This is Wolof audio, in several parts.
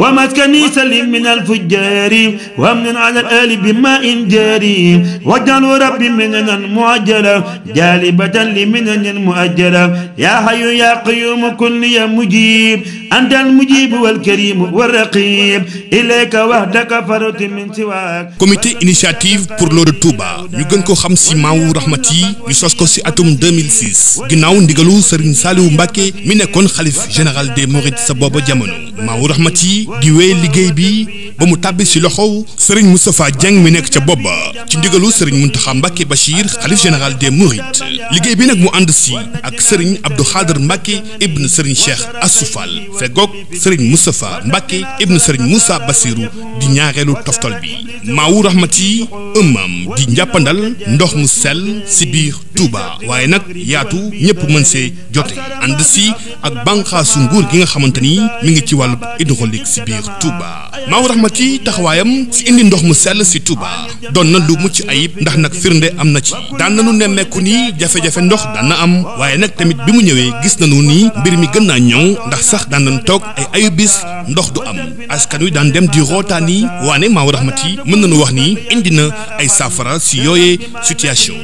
ومسكن سليم من الفجار ومن على الآل بماء جاري واجعل ربي مننا معجلة جالبة لمننا مؤجلة يا حي يا قيوم كن يا مجيب أنت المجيب والكريم والرقيب إليك وحدك فرط من سواك Comité initiative pour l'eau de Touba ñu gën ko xam ci Maawu Rahmati ñu sos ko ci atum 2006 ginnaaw ndigalu Serigne Saliou Mbacké mi nekkoon xalif général des Mourides sa booba jamono Maawu Rahmati bi di wéy liggéey bi ba mu tàbbi si loxow sëriñ Moustapha Dieng mi nekk ca bopp ba ci ndigalu sëriñ Mountakha Mbacké Bachir xalif général des Mourides liggéey bi nag mu ànd si ak sëriñ Abdou Khader Mbacké ibn sëriñ Cheikh Assou Fall fegoog sëriñ Moustapha Mbacké ibn sëriñ Moussa Bassirou di ñaareelu toftol bi maawu rahmati ëmmam di njàppandal ndox mu sel si biir Touba waaye nag yaatu ñëpp mën see jote ànd si ak bànqaasu nguur gi nga xamante ni mi ngi ci wàllu hydraulique si biir Touba Maou Rahmati taxawaayam si indi ndox mu sell si Touba doon na lu mucc ayib ndax nag firnde am na ci daan nañu nemmeeku ni jafe-jafe ndox daan na am waaye nag tamit bi mu ñëwee gis nañu nii mbir mi gën naa ñëw ndax sax daan nañ toog ay ayubis ndox du am askan wi daan dem di rootaani waane Maou Rahmati mën nañu wax nii indi na ay saafara si yooyee situation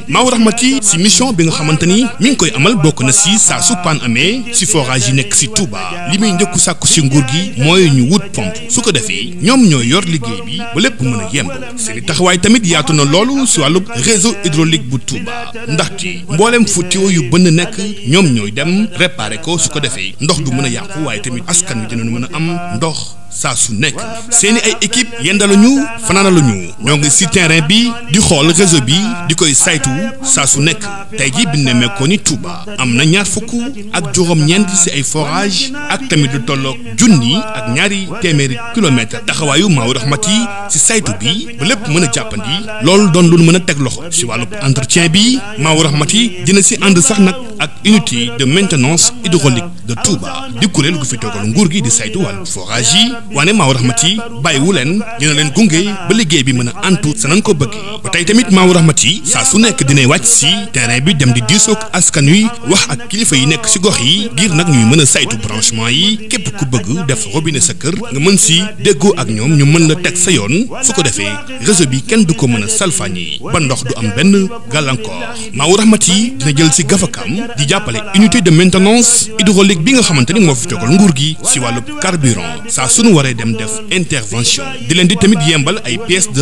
émission bi nga xamante ni mi ngi koy amal bokk na si saa su paan amee si forage yi nekk si Touba li muy njëkku sàkku si nguur gi mooy ñu wut pompe su ko defee ñoom ñooy yor liggéey bi ba lépp mën a yemb seeni waaye tamit yaatu na loolu si wàllu réseau hydraulique bu Touba ndaxte mbooleem fu tuyau yu bënn nekk ñoom ñooy dem réparer ko su ko defee ndox du mën a yàqu waaye tamit askan wi dinañu mën a am ndox saa su nekk seeni ay équipe yendaluñu fanaanaluñu ñoo ngi si terrain bi di xool réseau bi di koy saytu saa su nekk tey ji bi nemmee ni Touba am na ñaar fukk ak juróom-ñeent si ay forage ak tamit lu tolloog junni ak ñaari téeméeri kilomètre taxawaayu maaw raxmat yi si saytu bi ba lépp mën a jàppandi loolu doon lu mën a teg loxo si wàllu entretien bi maaw raxmat yi dina ànd sax nag ak unité de maintenance hydraulique de Touba di kuréel gu fi toogal nguur gi di saytu wàllu forage yi waane Maou Rahmati bàyyiwu leen dina leen gunge ba liggéey bi mën a antu sa nañ ko bëggee ba tey tamit maawu rahmat yi saa su nekk dinay wàcc si terrain bi dem di diisoog askan wi wax ak kilifa yi nekk si gox yi ngir nag ñuy mën a saytu branchement yi képp ku bëgg def robinet sa kër nga mën si déggoo ak ñoom ñu mën la teg sa yoon su ko defee réseau bi kenn du ko mën a salfaañi ba ndox du am benn gàllankoor maawu rahmat yi dina jël si gafakam di jàppale unité de maintenance hydraulique bi nga xamante ni moo fi jogal nguur gi si wàllu carburant saa sunu waree dem def intervention di leen di tamit yembal ay pièces de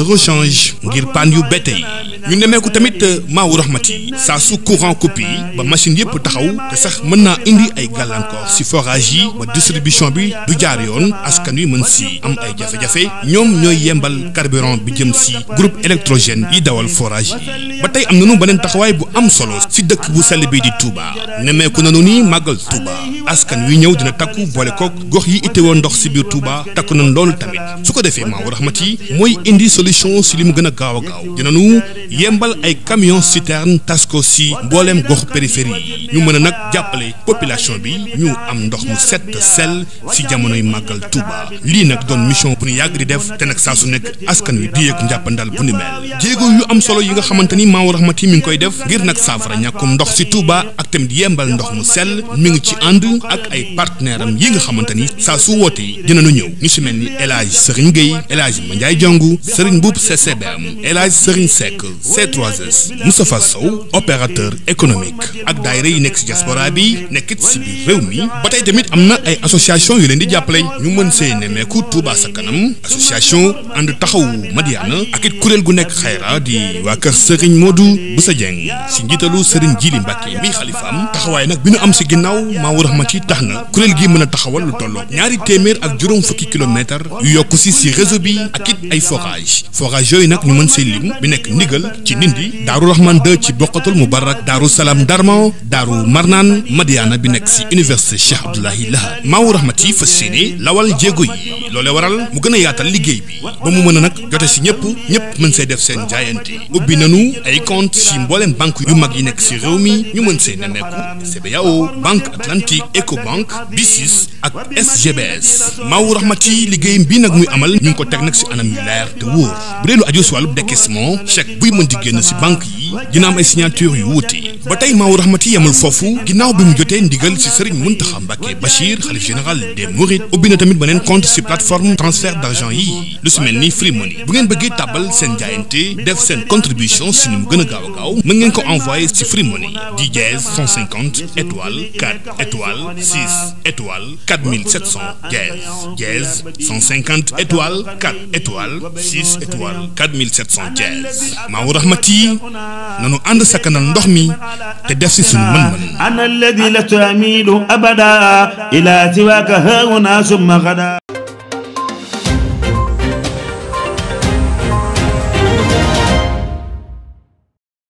ba tey ñu nemmeeku tamit euh, Maawu Rahmati saa su courant coupé ba machine yépp taxaw te sax mën naa indi ay gàllankoor si forage yi ba distribution bi du jaar yoon askan wi mën si am ay jafe-jafe ñoom ñooy yembal carburant bi jëm si groupe électrogène yi dawal forage yi ba tey am nañu beneen taxawaay bu am solo si dëkk bu sell bi di Touba nemmeeku nañu ni màggal Touba askan wi ñëw dina takku boole kook gox yi itteewoo ndox si biir Touba takku nañ loolu tamit su ko defee Maawu Rahmati indi solution si limu mu gën a gaaw a gaaw yembal ay camion citerne tasko ko si mbooleem gox périphérie yi ñu mën a nag jàppale population bi ñu am ndox mu set sell si jamonoy màggal Touba lii nag doon mission bu ñu yàgg di def te nag saa su nekk askan wi di yëg njàppandal bu ni mel jéego yu am solo yi nga xamante ni Maawu Rahmati mi ngi koy def ngir nag saafara ñàkkum ndox si Touba ak tamit yembal ndox mu sell mi ngi ci ànd ak ay partenaire am yi nga xamante ni saa su wootee nu ñëw ñu si mel ni El Hadj Serigne Gueye El Hadj Mandiaye Diongu Serigne Mboup CCBM El Hadj Serigne Seck C3S Moustapha Sow opérateur économique ak daayira yi nekk ci diaspora bi nekkit ci biir réew mi ba tey tamit am na ay association yu leen di jàppale ñu mën see nemmeeku Touba sa kanam association ànd taxawu Madiana ak it kuréel gu nekk xayra di waa kër Serigne Modou Boussa Dieng ci njiitalu Serigne Djili Mbacke mi xalifaam taxawaay nag bi ñu am ci ginnaaw Maawu Rahmati tax na kuréel gi mën a taxawal lu tolloo ñaari téeméer ak juróom fukki kilomètre yu yokku ci ci bi ak it ay forage forage yooyu nag ñu mën see lim bi nekk ndigal ci Nindi Daaru Rahman 2 ci Bokkatul Mubarak Daaru Salaam Darmo Daaru Marnaan madiaana bi nekk si université Cheikh Abdoulahi Laha Maawu Rahmati fas yéene lawal jéego yi loole waral mu gën a yaatal liggéey bi ba mu mën a nag jote si ñëpp ñëpp mën see def seen jaayante ubbi nanu ay compte si mbooleem banque yu mag yi nekk si réew mi ñu mën see nemmeeku CBAO Banque Atlantique Ecobank BICIS ak SGBS Maawu Rahmati liggéeyam bii nag muy amal ñu ngi ko teg nag si anam yu leer te wóor bu dee lu aju si wàllu décaissement chèque buy mën di génn si banque yi dina am ay signature yu wuute ba tey Maawu Rahmati yemul foofu ginnaaw bi mu jotee ndigal ci Serigne Mountakha Mbacké Bachir xalif général des Mourides ubbi na tamit beneen compte ci plateforme transfert d'argent yi lu su mel ni Free bu ngeen bëggee tàbbal seen jaayante def seen contribution si ni mu gën a gaaw a gaaw mën ngeen ko envoyé ci Free Money di dièse 150 étoile 4 étoile 6 étoile 4700 dièse dièse 150 étoile 4 étoile 6 étoile 4700 dièse Maawu Rahmati nanu ànd sakkanal ndox mi تدفسي أنا الذي لا تميل أبدا إلى سواك هنا ثم غدا